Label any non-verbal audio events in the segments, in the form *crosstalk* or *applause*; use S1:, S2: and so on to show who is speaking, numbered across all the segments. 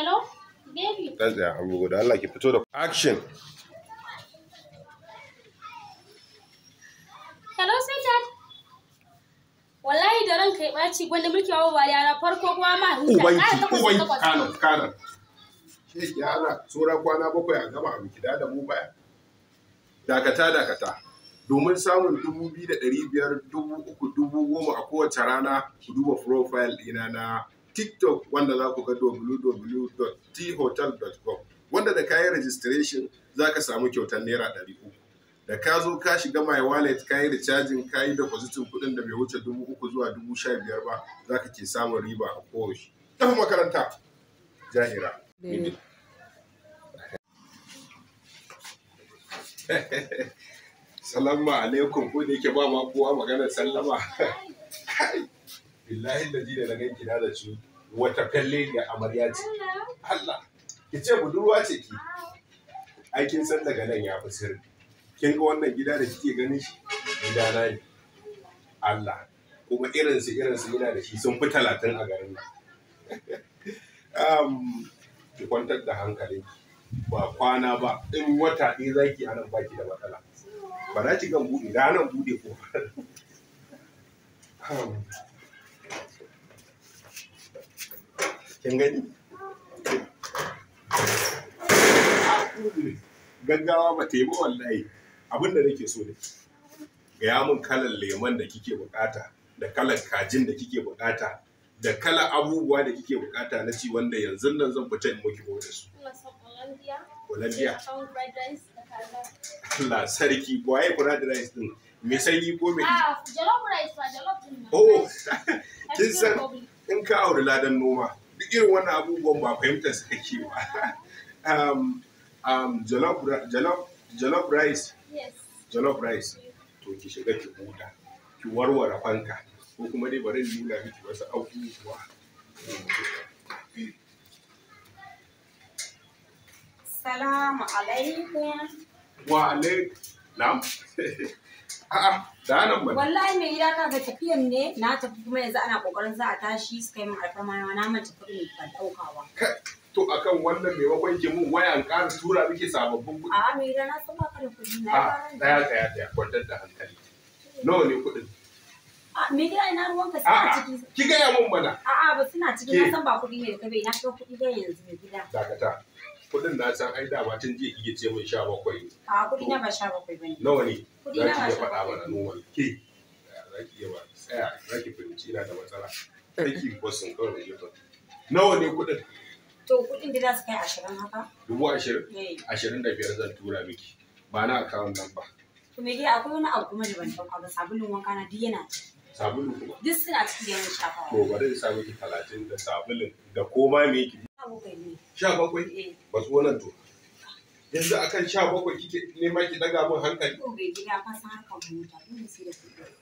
S1: Hello, baby. That's
S2: good. I like Put Action.
S1: Hello, Wallahi da ranka ya ɓaci gwanda mulki wa wari kuma ma
S2: tsora kwana bakwai a gama abu da mu baya. Dakata, dakata. domin samun dubu biyu da ɗari biyar dubu uku dubu goma a kowace rana ku duba profile ɗina na tiktok wanda za ku ga www.thotel.com wanda da kayan registration za ka samu kyautar naira ɗari uku da ka zo ka shiga my wallet ka yi recharging ka yi depositin kuɗin da bai wuce dubu uku zuwa dubu sha biyar ba za ka ke samun riba a kowace tafi makaranta jahira *laughs* salamu alaikum ko da yake ba ma kowa maganar sallama *laughs* billahi da ji da na ganki na da cuta. wata kalle da amarya ce Allah ki ce budurwa ce ki ai kin san daga nan ya fi sirri kin ga wannan gida da kike ganin shi gida na ne Allah kuma irin su yana da shi sun fi talatin a garin nan *laughs* ki kwantar da hankalin ba kwana ba in wata ɗaya zaki a nan baki da matsala ba za ki gan buɗe ranar buɗe ko *laughs* kin gani gaggawa ba ta yi ba wallahi abin da nake so da ke gaya mun kalan lemon da kike bukata da kalan kajin da kike bukata da kala abubuwa da kike bukata na ci wanda yanzu nan zan fita in muke da su Olandiya. Allah sarki waye fried rice din me sanyi ko me Ah
S1: jollof rice ba jollof din Oh *laughs* kin san
S2: in ka auri ladan noma duk irin wannan abubuwan ba fahimtar su take ba *laughs* um, um, jollof, jollof, jollof rice yes. jollof rice to ki shiga ki huta ki warware fanka ko kuma dai bari nuna miki wasu abubuwa
S3: Salamu alaikum.
S2: Wa alaikum. Na'am. *laughs* A'a. Danan ba.
S3: Wallahi mai gida na ga tafiyan ne na tafi kuma yanzu ana kokarin za a tashi su kai min alfarma na manta kuɗin ban ɗaukawa.
S2: To akan wannan mai wakon ke mun waya ƙara tura miki sababbin kuɗi.
S3: A'a mai gida na san ba ka da kuɗi na. A'a tsaya
S2: tsaya tsaya kwantar da hankali. Nawa ne kuɗin?
S3: Me gida ina ruwan ka? suna ciki.
S2: Ki gaya mun mana.
S3: A'a ba suna ciki na san ba kuɗi ne da ka bai na san kuɗi da yanzu mai gida.
S2: Dakata. kudin na san ai dama tun jiya kike ce min sha bakwai
S3: a kudi na ba sha bakwai bane nawa ne kudi na ba sha bakwai
S2: mana nawa ke Za iya ba tsaya Za ki fahimci ina da matsala aiki bosin kawai da ba. nawa ne kudin
S3: to kudin da za su kai ashirin haka dubu ashirin eh. ashirin
S2: da biyar zan tura miki ba na akawun nan ba
S3: to me dai akwai wani abu kuma da ban dauka ba sabulun wanka na duk yana
S2: sabulu kuma
S3: duk suna cikin yawan shafawa to
S2: bari in 30 da sabulun da koma me
S3: sha bakwai eh.
S2: ba su wannan to yanzu akan sha bakwai kike nema ki daga mun hankali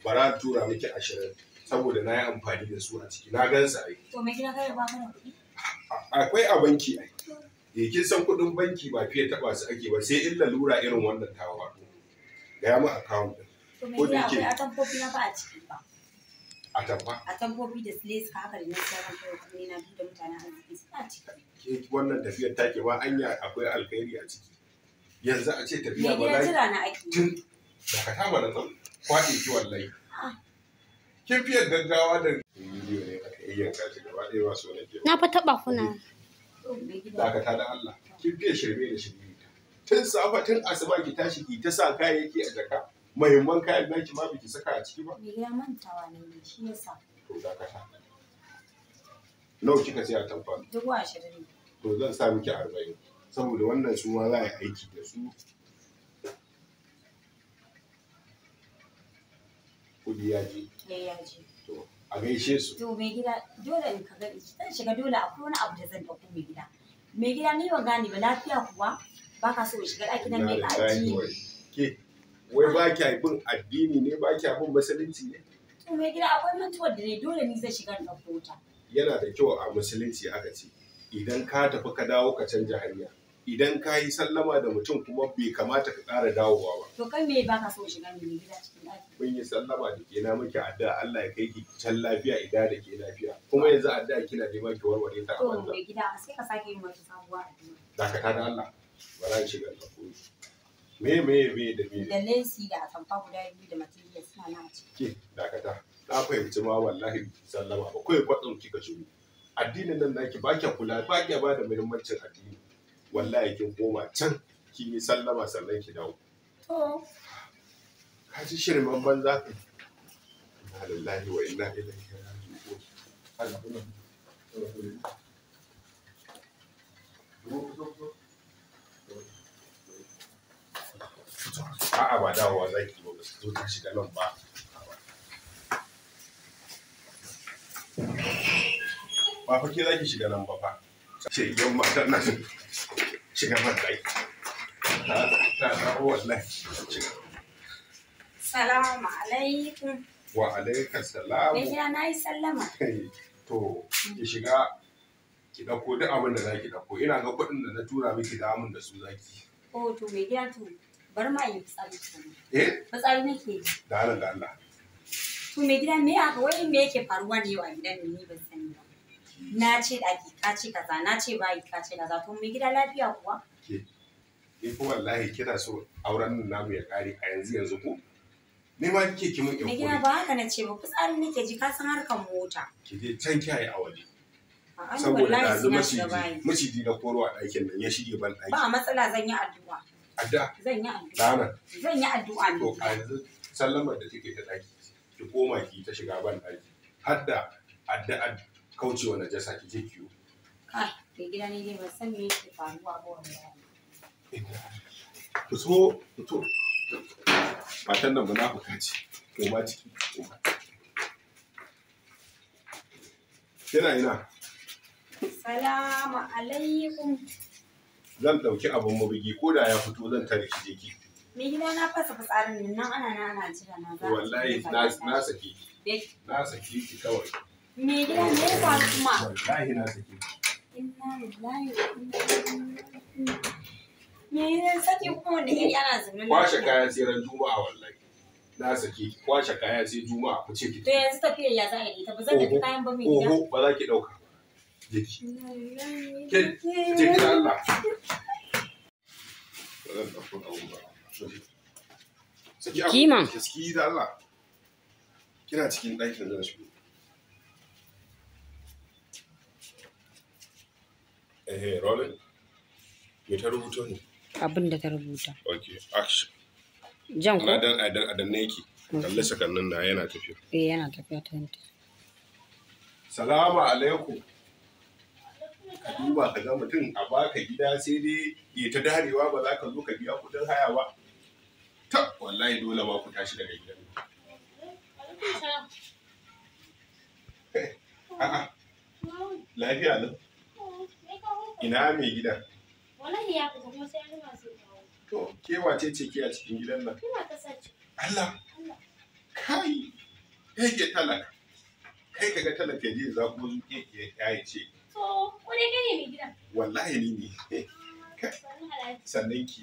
S2: bara tura miki ashirin saboda na yi amfani da su a ciki na gan sa aiki. akwai a banki ai eh kin san kuɗin banki ba fiye taɓa su ake ba sai illa lura irin wannan tawa ga Gaya mu account ko
S3: to me gida akwai atamfofi na ba a ciki ba A atamfofi da slays ka haka da na sauran kawai na da mutanen arziki suna ciki
S2: wannan tafiyar takewa anya akwai alkhairi a ciki yanzu a ce tafiya ba za tun da ka kama da zan kwaɗe ki wallahi ah. kin fiye gaggawa da bidiyo ne aka yayyanka shi gaba ɗaya ba so nake na fa
S1: taɓa kuna dakata da
S2: Allah kin fiye shirme da shirme tun safa tun asuba ki tashi ki ta sa kayayyaki a jaka mahimman kayan naki ma biki saka a ciki ba
S3: ya mantawa ne shi yasa to
S2: dakata nawa kika sai a tamfa
S3: dubu ashirin
S2: to zan sa miki arba'in saboda wannan su ma za a yi aiki da su kudi ya je ya je to a gaishe su
S3: to mai gida dole in ka ga zan shiga dole akwai wani abu da zan ɗauko mai gida mai gida ni ba gane ba lafiya kuwa baka so shiga ɗakin nan ne ka
S2: ajiye wai ba kya bin addini ne ba kya bin musulunci ne
S3: to mai gida akwai mantuwar da ne dole ni zai shiga na kota
S2: yana da kyau a musulunci aka ce idan ka tafi ka dawo ka canja hanya idan ka yi sallama da mutum kuma bai kamata ka ƙara dawowa ba.
S3: To kai me ba ka so shiga mai gida cikin ɗaki?
S2: Mun yi sallama da ke na miki addu'a Allah ya kai ki can lafiya idan da ke lafiya. Kuma yanzu addu'a kina neman ki warware ta a banza. To mai
S3: gida sai ka sake yin wata sabuwa addu'a.
S2: Dakata da Allah. Bara shiga kota. me me me da me da
S3: lensi da atamfa guda biyu da material suna na
S2: ke dakata na fahimci ma wallahi sallama ba kawai kwatsam kika shiru addinin nan naki ba kya kula ba kya ba da muhimmancin addini wallahi kin koma can kin yi sallama sannan ki dawo to ka ji shirman banza ka inna lillahi wa inna ilaihi raji'un Allah Allah a'a ba dawowa za ki ba su zo ta shiga nan ba ba fa ke za ki shiga nan ba fa ce yau matar na shiga ban dai ta ta wallahi
S3: salamu alaikum
S2: wa alaikum salam me ya
S3: nayi sallama
S2: to ki shiga ki dauko duk abin da zaki dauko ina ga kuɗin da na tura miki da amin da su zaki
S3: oh to me ya to Bar ma yi fitsari eh fitsari nake yi
S2: da Allah da Allah
S3: to me gida me aka wai me yake faruwa ne a gidan ne ban sani ba na ce daki ka ce kaza na ce bai ka ce kaza to me gida lafiya kuwa
S2: ke ni ko wallahi kina so auren nan namu ya kare a yanzu yanzu ko ni ma kike ki mun Me gida ba
S3: haka na ce ba fitsari ke ji ka san harkar mota
S2: ki je can kiyaye a waje
S3: saboda da maciji
S2: maciji na koro a ɗakin nan ya shige ban ɗaki ba
S3: matsala zan yi addu'a addu'a zan yi addu'a zan yi addu'a to
S2: a yanzu sallamar da take ta daki ki koma ki ta shiga ban daki har da addu'a kaucewa na jasa ki je kiyo
S3: kai ke gida ne dai ban san me yake faruwa ba wallahi
S2: fito fito matan nan ba na munafuka ce koma ciki koma yana ina
S3: salamu alaikum
S2: zan ɗauki abin mabigi ko da ya fito zan tare shi jiki.
S3: Me gida na fasa fitsarin nan nan ana na ana jira na za. Wallahi na saki.
S2: Na saki ki kawai.
S3: Me gida me ya faru kuma?
S2: Wallahi na saki.
S3: Me gida saki kuma wanda iri ana zaune.
S2: Kwashe kayan sai ran juma'a wallahi. Na saki kwashe kaya sai juma'a ku ce ki.
S3: To yanzu tafiyar ya za a yi ta ba zan tafi kayan ba mai gida. Oho
S2: ba za ki ɗauka. Jiki. Jiki Allah. kiman ki da eh me ta ne
S3: abin da ta rubuta
S2: action jan ko adan adan adan ne yake kalle sakannin na yana tafiya
S3: eh yana tafiya ta
S2: salamu alaikum ka duba ka ga mutum a baka gida sai dai ya ta darewa ba za ka zo ka biya kudin haya ba ta wallahi dole ba ku tashi daga gidan a'a lafiya lau
S1: ina mai gida
S2: to ke wace ce ke a cikin gidan nan ina
S1: kasance Allah kai
S2: kai ke talaka kai kaga talaka je za ku zo ke ke yayi ce
S1: to wani gane mai gidan
S2: wallahi ni ne
S1: ah,
S2: sannan ki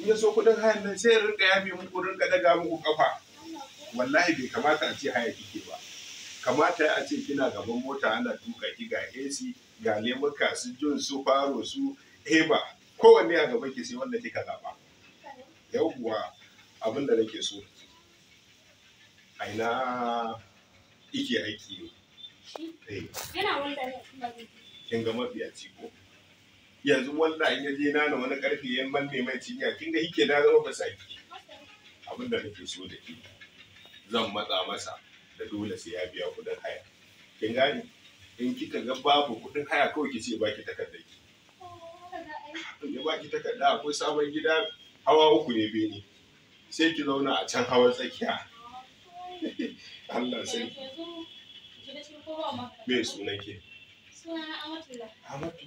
S2: in ya so kuɗin hayan nan sai ya rinka yafe muku rinka daga muku kafa wallahi bai kamata a ce haya kike ba kamata a ce kina gaban mota ana tuka ki ga AC ga lemuka su jun su faro su heba kowanne a gaban ki sai wanda kika zaba yauwa abin da nake so a ina ike aiki eh.
S1: ne
S2: kin ga mafiya ko. yanzu wannan an yaje je na wani karfe ya ne mai cinya kin ga yake da zama basaki abin da nake so da ke zan matsa masa da dole sai ya biya kuɗin haya kin gane in kika ga babu kuɗin haya kawai ki ba baki takardar ki ya baki takarda akwai sabon gida hawa uku ne bene sai ki zauna a can hawan tsakiya Allah sai me sunan ke Amatu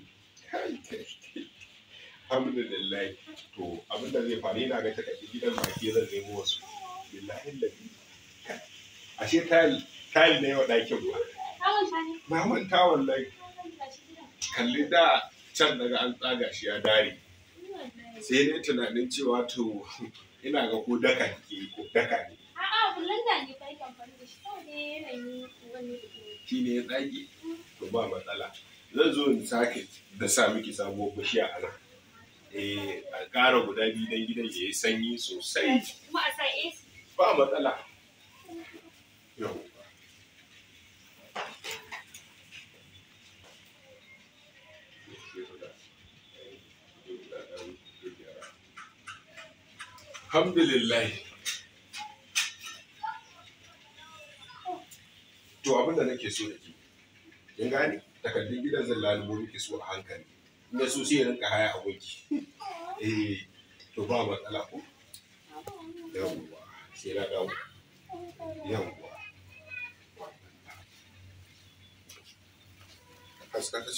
S2: alhamdulillah to abin da zai faru yana ga takaddi gidan baki zan nemo wasu billahi labi ashe tayil tayil ne wa ɗakin ba na manta wallahi kalli da can daga an tsaga shi ya dare sai ne tunanin cewa to ina ga ko daka ke ko daka
S1: ne a'a kullun da ne bai kamfani da shi kawai ne yanayin wani
S2: shi ne ya tsage to ba matsala zan zo in sake da sa miki sabuwar bishiya a nan eh a ƙara guda biyu dan gidan ya yi sanyi sosai eh,
S1: kuma a sa AC
S2: ba matsala alhamdulillah to abin da nake so da ke kin gane takardun gidan zan lalubo muke so a hankali inda so sai rinka haya a wanki eh to ba matsala ko yawwa sai na dawo yawwa haska ta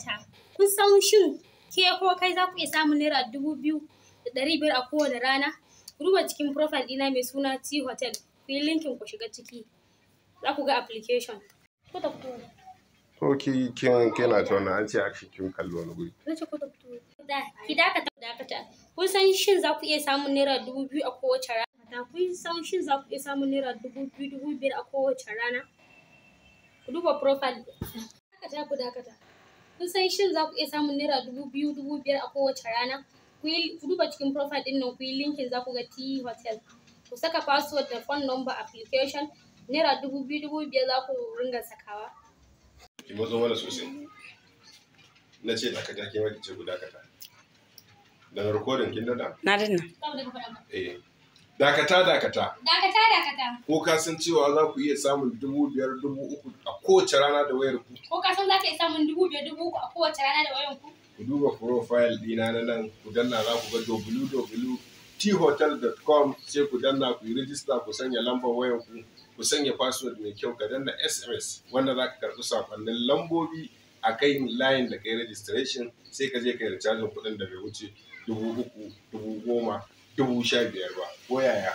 S1: can kun san shin ke ko kai za ku iya samun naira dubu biyu da ɗari biyar a kowane rana ku duba cikin profile ɗina mai suna t hotel ku linkin ku shiga ciki za ku ga application
S2: ko ki kin kina ta wannan an ce a cikin kallo wani guri
S1: ko da ki dakata kun san shin za ku iya samun naira dubu biyu a kowace rana da kun san shin za ku iya samun naira dubu biyu dubu biyar a kowace rana ku duba profile ku kun san shin za ku iya samun naira dubu biyu dubu biyar a kowace rana ku duba cikin profile ɗin nan ku yi linkin za ku ga t hotel ku saka password da phone number application naira dubu biyu dubu biyar za ku ringa sakawa.
S2: ki mazo mana sosai na ce dakata ke maki ce guda kata daga rikodin kin dada na danna eh dakata dakata
S1: dakata dakata
S2: ko ka san cewa za ku iya samun dubu biyar dubu uku a kowace rana da wayar ku
S1: ko ka san za ka iya samun dubu biyar dubu uku a kowace rana da wayar ku
S2: ku duba profile dina na nan ku danna za ku ga dobulu-dobulu. thotel.com ce ku danna ku yi rijista ku sanya lambar wayan ku ku sanya password mai kyau ka danna sms wanda za ka karɓi sakonnin lambobi a kan layin da kai registration sai ka je ka yi cajin kuɗin da bai wuce dubu uku dubu goma dubu sha biyar ba ko yaya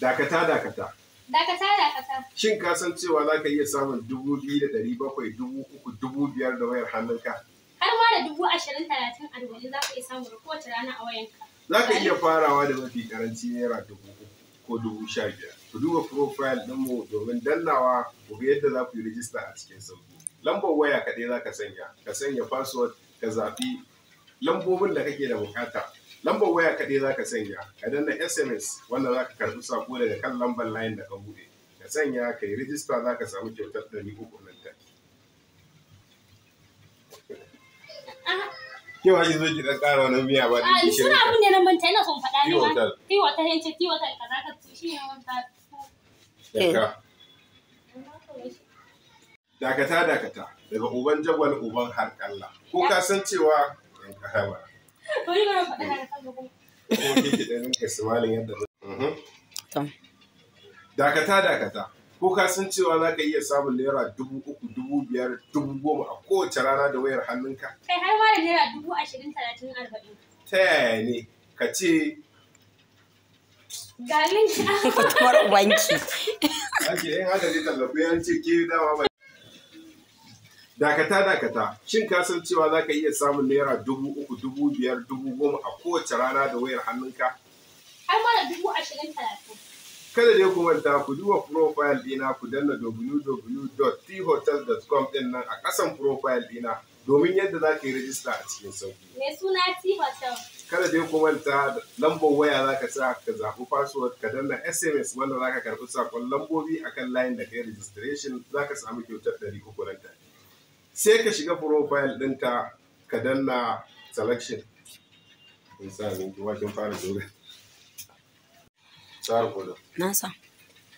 S2: dakata dakata
S1: Dakata dakata.
S2: Shin ka san cewa za ka iya samun dubu biyu da ɗari bakwai dubu uku dubu biyar da wayar hannunka?
S1: Har ma da dubu ashirin talatin arba'in za ka iya samun kowace rana a
S2: wayanka. Za ka iya farawa da mafi ƙaranci naira dubu uku ko dubu sha biyar. Ku duba profile ɗinmu domin dannawa ku ga yadda za ku yi rijista a cikin sauki. Lambar waya kaɗai za ka sanya, ka sanya password, ka zaɓi lambobin da kake da buƙata. lambar waya kaɗai za ka sanya ka danna sms wanda za ka karɓi sako daga kan lambar layin da ka buɗe ka sanya ka yi rijista za ka samu kyautar ɗari uku nan ta kewa yi zo ki ɗan ƙara wani miya ba da ke shirin ka. Suna
S1: abin da na manta ina son faɗa ne ma. Tiwata ya ce tiwata ka za ka shi ne wanda.
S2: Eh. Dakata dakata daga uban jagwal uban harƙalla. Ko ka san cewa 'Yan ƙara ba. Dakata dakata, ko ka san cewa za ka iya samun naira dubu uku, dubu biyar, dubu goma a kowace rana da wayar hannunka?
S1: Kai har ma da naira dubu ashirin talatin arba'in.
S2: Ta yaya ne, ka ce
S1: Galin *laughs* ta. Kamar
S2: wanki. Ake yin haka ne tallafi yan ce ke dama dakata dakata shin ka san cewa za ka iya samun naira dubu uku dubu biyar dubu goma a kowace rana da wayar hannunka
S1: har ma da dubu ashirin talatin
S2: kada dai ku manta ku duba profile dina ku danna www.thotel.com din nan a ƙasan profile dina domin yadda za ka yi rajista a cikin sauki.
S1: Me suna t
S2: Kada dai ku manta lambar waya za ka sa ka zaɓi password ka danna SMS wanda za ka karɓi sakon lambobi akan layin da ka yi registration za ka samu kyautar ɗari uku nan sai ka shiga profile ɗinka ka danna selection in sa minti kin fara dole tsara kodo na sa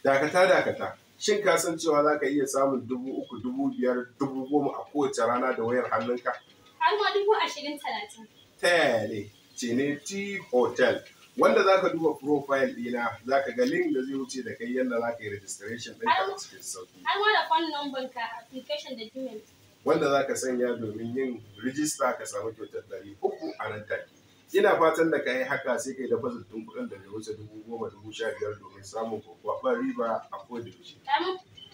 S2: dakata dakata shin ka san cewa za ka iya samun dubu uku dubu biyar dubu goma a kowace rana da wayar hannunka
S1: har ma dubu ashirin talatin
S2: Ta ce ne t hotel wanda za ka duba profile ɗina za ka ga link da zai wuce da kai yadda za ka yi registration ɗinka a cikin sauƙi
S1: har ma da phone number ka application da gmail
S2: wanda za ka sanya domin yin rijista ka samu kyautar ɗari uku a nan take ina fatan da ka yi haka sai ka yi dafasar tun kuɗin da bai wuce dubu goma dubu sha biyar domin samun kwakwabar riba a kodayaushe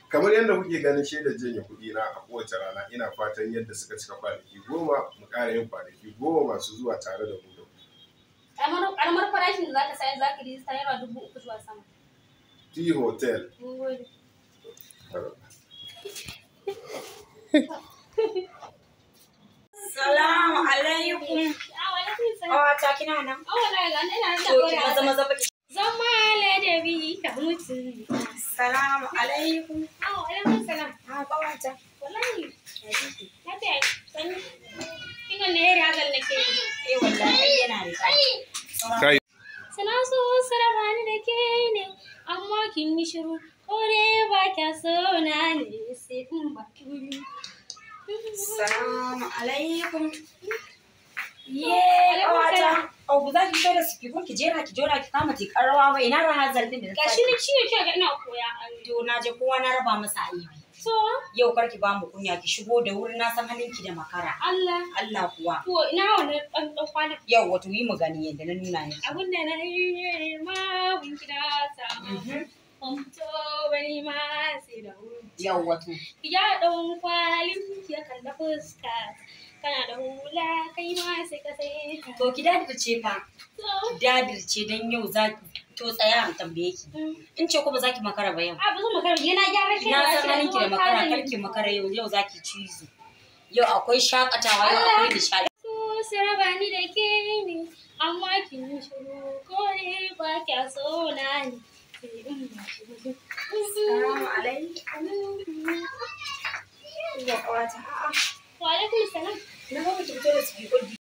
S2: kamar yadda kuke ganin shaidar janye kuɗi na a kowace rana ina fatan yadda suka cika kwanaki goma mu ƙara yin kwanaki goma masu zuwa tare da mu da
S1: ƙaramar farashin da za ka sayar za ka rijista yawa dubu uku zuwa sama.
S2: T hotel.
S3: *laughs* Zama nan. Oh wallahi ga da
S1: Zama ladabi ka mutu.
S3: Assalamu alaikum. Oh, alaikum salam. Ah Wallahi. Sani. ne nake. Eh wallahi yana da
S1: kai. Sana so da ke ne amma kin yi shiru kore ba ka so na ne sai kun ba kuri. alaikum. *laughs* Oh,
S3: Oh, ba za ki fito da sifikun ki jera ki jora ki kama tikar rawa ba ina raha zalbin da Gashi ni ciye ke ga ina koya To na je kowa na raba masa aibi. So? yau kar ki ba mu kunya ki shigo da wuri na san halin ki da makara. Allah. Allah kuwa. To ina wani dan dan kwana. Yau wato yi mu gani yadda na nuna ni.
S1: Abun da na yi ma wun kida sa. Kwamto mhm. wani ma sai da wuri. Yau wato. Ya dan kwalin ya kalla fuska. kana da hula kai ma sai ka sai to ki
S3: dadirce fa dadirce dan yau za to tsaya an tambaye ki mm. in ce kuma ki makara ba yau a ba zan makara yana gyara kai na san halin ki da makara karki makara yau yau za zaki cizo yau akwai shakatawa yau akwai nishadi
S1: su raba ni da ke ne amma kin shiru ko ne ba kya so na ni Assalamu alaikum. Wa alaikum salam. na how much you tell us you